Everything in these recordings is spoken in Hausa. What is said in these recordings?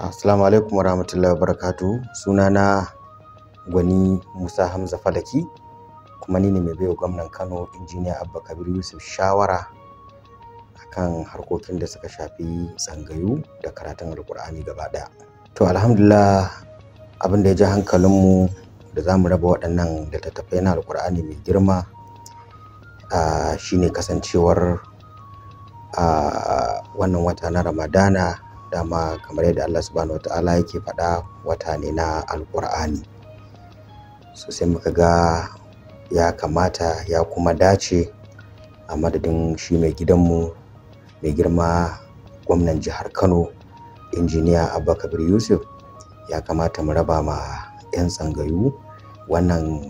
Assalamu alaikum wa rahmatullahi wa barakatu. Sunana Gwani Musa Hamza Falaki kuma ni ne mai baiwa gwamnan Kano injiniya Abba Kabir Yusuf shawara akan harkokin da suka shafi tsangayu da karatun Alkur'ani gaba ɗaya. To alhamdulillah abin da ya ji hankalinmu da za mu raba waɗannan littattafai na Alkur'ani mai girma shine kasancewar wannan wata na Ramadana dama kamar yadda Allah subhanahu ta'ala yake faɗa wata ne na alƙur'ani so sai muka ga ya kamata ya kuma dace a madadin shi mai gidanmu mai girma gwamnan jihar kano injiniya Abubakar yusuf ya kamata mu raba ma 'yan tsangayu wannan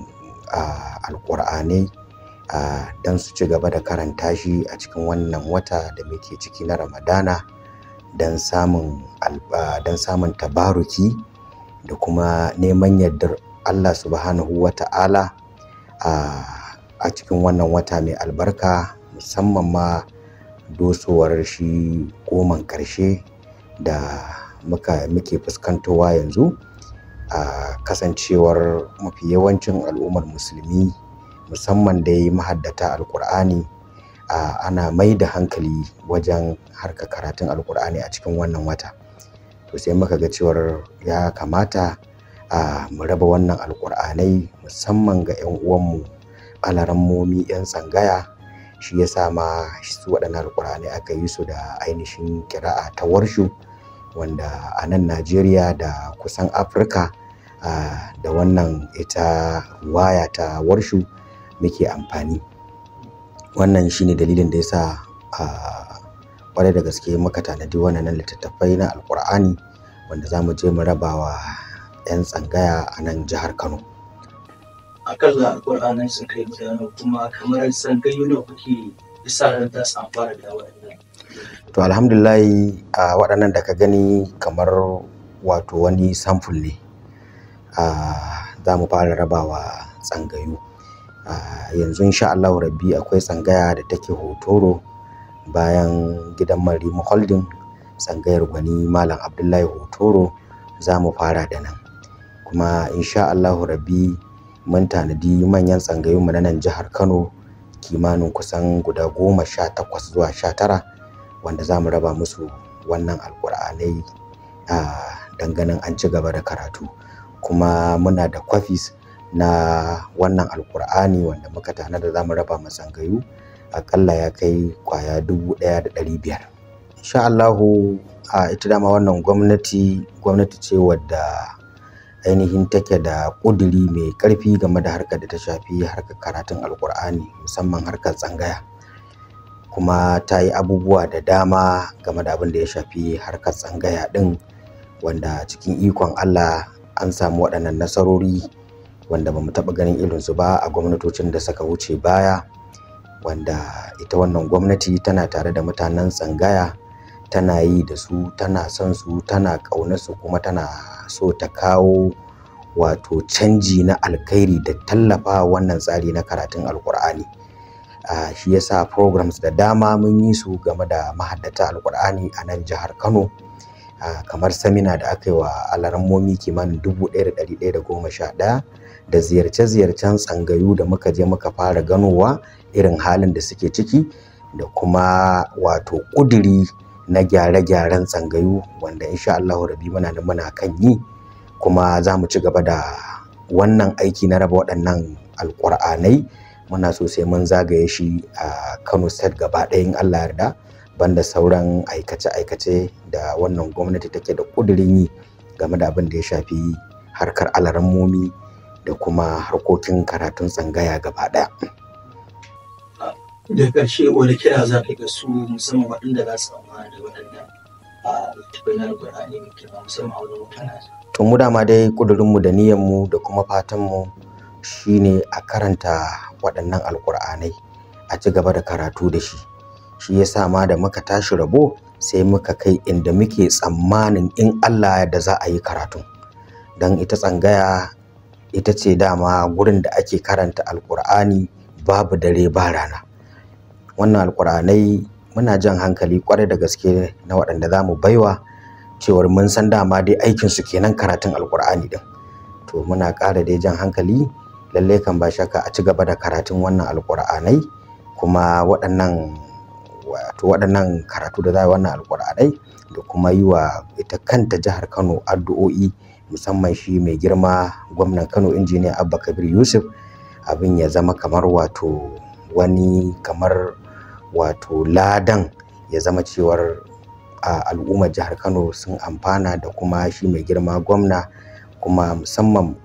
alkur'anai don su ci gaba da karanta shi a cikin wannan wata da muke ciki na ramadana don samun don samun tabaruki da kuma neman yardar Allah subhanahu wa ta'ala a cikin wannan wata mai albarka musamman ma dosowar shi goman karshe da muka muke fuskantowa yanzu a kasancewar mafi yawancin al'ummar musulmi musamman da dai mahaddata alkur'ani ana mai da hankali wajen harka karatun alkur'ani a cikin wannan wata to sai muka ga cewar ya kamata a mu raba wannan alkur'anai musamman ga 'yan uwanmu momi 'yan tsangaya shi ya sa ma su waɗannan alkur'anai aka yi su da ainihin kira'a ta warshu wanda a nan najeriya da kusan afirka da wannan ita waya ta warshu muke amfani wannan shine dalilin da ya sa kwarai da gaske muka tanadi wannan littattafai na alkur'ani wanda za mu je mu rabawa 'yan tsangaya a nan jihar kano akalla alkur'anin sun kai kuma kamar ne kuke isa ran ta da to alhamdulillah a waɗannan da ka gani kamar wato wani samful ne za mu fara rabawa tsangayu yanzu insha Allah rabbi akwai tsangaya da take hotoro bayan gidan Marima Holding tsangayar gwani Malam Abdullahi Hotoro za mu fara da nan kuma insha Allah rabbi mun tanadi manyan mu na nan jihar Kano kimanin kusan guda goma sha takwas zuwa sha tara wanda za mu raba musu wannan alkur'anai a danganin an ci gaba da karatu kuma muna da kwafis na wannan alkur'ani wanda muka tanada za mu raba masangayu akalla ya kai kwaya dubu ɗaya da ɗari biyar insha Allahu a ita dama wannan gwamnati gwamnati ce wadda ainihin take da ƙuduri mai ƙarfi game da harkar da ta shafi harkar karatun alkur'ani musamman harkar tsangaya kuma ta yi abubuwa da dama game da abin da ya shafi harkar tsangaya ɗin wanda cikin ikon allah an samu waɗannan nasarori wanda ba mu taɓa ganin irinsu ba a gwamnatocin da suka wuce baya wanda ita wannan gwamnati tana tare da mutanen tsangaya tana yi da su tana son su tana su kuma tana so ta kawo wato canji na alkhairi da tallafa wannan tsari na karatun alkur'ani Shi shi yasa programs da dama mun yi su game da mahaddata alkur'ani a nan jihar kano kamar samina da aka yi wa alarammomi kimanin 1111 da ziyarce-ziyarcen tsangayu da muka je muka fara ganowa irin halin da suke ciki da kuma wato ƙuduri na gyare-gyaren tsangayu wanda insha Allah rabi muna da muna kan yi kuma za mu ci gaba da wannan aiki na raba waɗannan alƙur'anai muna so sai mun zagaye shi a Kano State gaba ɗayan Allah yarda banda sauran aikace-aikace da wannan gwamnati take da ƙudurin yi game da abin da ya shafi harkar alarammomi da kuma harkokin karatun tsangaya gaba ɗaya. da ƙarshe wani kira za ka ga su musamman waɗanda za su amma da waɗanda a da Qur'ani mai kira musamman a wani mutane. mu dama dai da kuma da kuma fatanmu shine a karanta waɗannan alƙur'anai a ci gaba da karatu da shi. Shi ya sa ma da muka tashi rabo sai muka kai inda muke tsammanin in Allah da za a yi karatu. Don ita tsangaya ita ce dama gurin da ake karanta alkur'ani babu dare ba rana wannan alkur'anai muna jan hankali kwarai da gaske na waɗanda za mu baiwa cewar mun san dama dai aikinsu kenan karatun alkur'ani din to muna ƙara dai jan hankali lallai kan ba shaka a ci gaba da karatun wannan alkur'anai kuma waɗannan wato waɗannan karatu da za wannan alkur'anai da kuma yi wa ita kanta jihar kano addu'o'i musamman shi mai girma gwamnan kano injiniya abba kabir yusuf abin ya zama kamar wato wani kamar wato ladan ya zama cewar al'ummar jihar kano sun amfana da kuma shi mai girma gwamna kuma musamman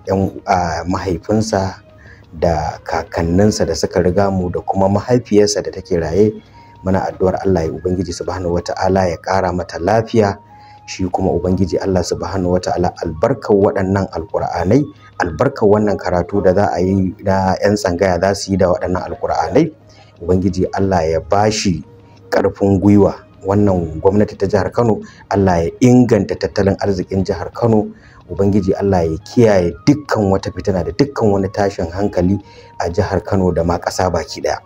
mahaifinsa da kakanninsa da suka riga mu da kuma mahaifiyarsa da take raye muna addu'ar Allah ya ubangiji subhanahu wata'ala ya kara mata lafiya shi kuma ubangiji Allah subhanahu wataala albarkar waɗannan alkur'anai albarkar wannan karatu da za a yi da 'yan tsangaya za su yi da waɗannan alkur'anai ubangiji Allah ya bashi ƙarfin gwiwa wannan gwamnati ta jihar Kano Allah ya inganta tattalin arzikin jihar Kano ubangiji Allah ya kiyaye dukkan wata fitina da dukkan wani tashin hankali a jihar Kano da ma ƙasa baki ɗaya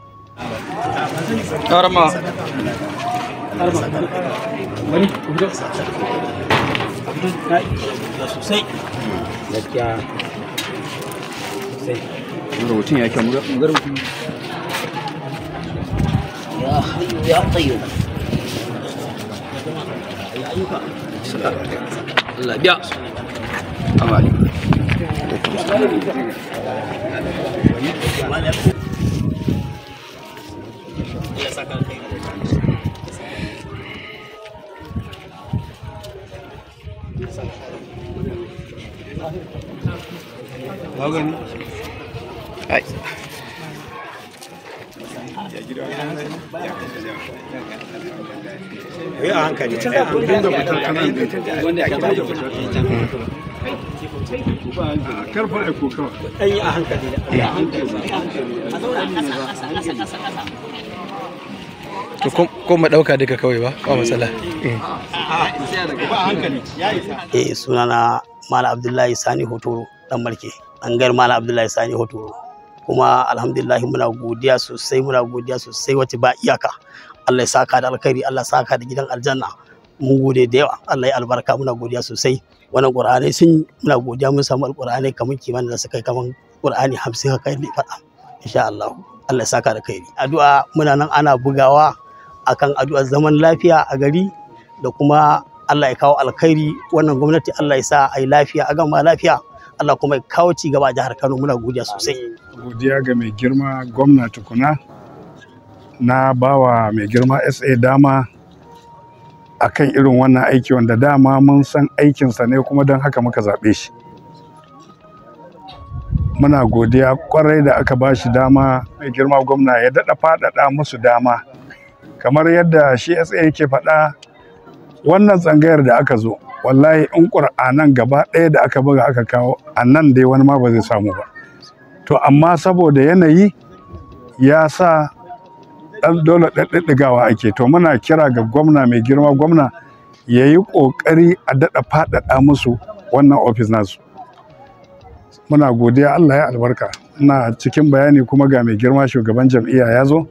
Arma. Arma. Wani, ku biya. Hai. Ya a a ko duka kawai ba, ba matsala. Eh, ah, eh sunana mala Abdullahi Sani Hotoro dan Marke gar mala Abdullahi Sani Hotoro kuma alhamdulillah muna godiya sosai muna godiya sosai wace ba iyaka Allah ya saka da alkhairi Allah ya saka da gidan aljanna mun gode da yawa Allah ya albarka muna godiya sosai wannan qur'ani sun muna godiya mun samu alqur'ani kamar kimanin da suka kai kamar qur'ani 50 kai ne faɗa insha Allah Allah ya saka da kai addu'a muna nan ana bugawa akan addu'a zaman lafiya a gari da kuma Allah ya kawo alkhairi wannan gwamnati Allah ya sa a yi lafiya a gama lafiya Allah kuma ya kawo ci gaba a jihar Kano muna godiya sosai godiya ga mai girma gwamna tukuna na bawa mai girma SA dama akan irin wannan aiki wanda dama mun san aikinsa ne kuma don haka muka zaɓe shi muna godiya kwarai da aka ba shi dama mai girma gwamna ya daɗa faɗaɗa musu dama kamar yadda shi sa yake faɗa wannan tsangayar da aka zo wallahi in ƙur'anan gaba ɗaya da aka buga aka kawo a nan dai wani ma ba zai samu ba to amma saboda yanayi ya sa ɗan dole ɗaɗɗigawa ake to muna kira ga gwamna mai girma gwamna ya yi ƙoƙari a daɗa faɗaɗa musu wannan ofis nasu muna godiya allah ya albarka ina cikin bayani kuma ga mai girma shugaban jam'iyya ya zo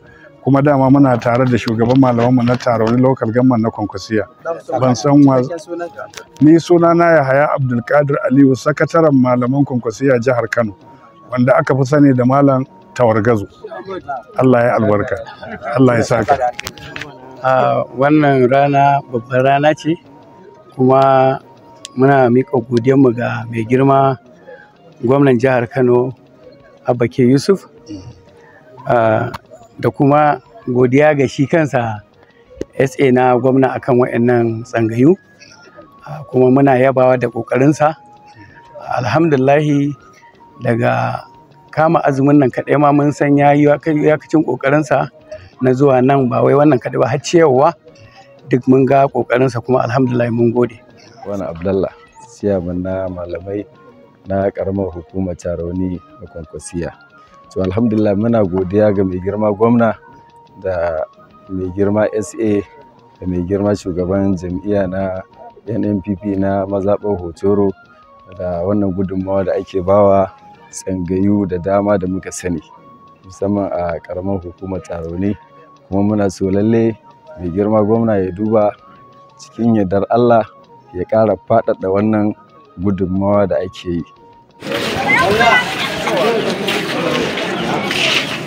kuma dama muna tare da shugaban malamanmu na taroni local government na kwankwasiya ban san wa ni suna na yahaya abdulkadir aliyu sakataren malaman kwankwasiya jihar kano wanda aka fi sani da malam tawargazu allah ya albarka allah ya saka wannan rana babban rana ce kuma muna mika miƙa mu ga mai girma gwamnan jihar kano abake yusuf da kuma godiya ga shi kansa sa na gwamna akan waɗannan tsangayu kuma muna yabawa da ƙoƙarinsa alhamdulahi daga kama azumin nan kaɗai ma mun san ya yi yakacin ƙoƙarinsa na zuwa nan ba wai wannan kaɗai ba har ciyarwa duk mun ga ƙoƙarinsa kuma alhamdulahi mun gode wani siya mun na malamai na ƙaramar hukumar tarauni da kwankwasiya to alhamdulillah muna godiya ga mai girma gwamna da mai girma sa da mai girma shugaban jam'iyya na nnpp na mazaɓar hotoro da wannan gudunmawa da ake bawa tsangayu da dama da muka sani musamman a ƙaramar hukumar taro ne kuma muna so lalle mai girma gwamna ya duba cikin yardar allah ya ƙara faɗaɗa wannan gudunmawa da ake yi Yeah.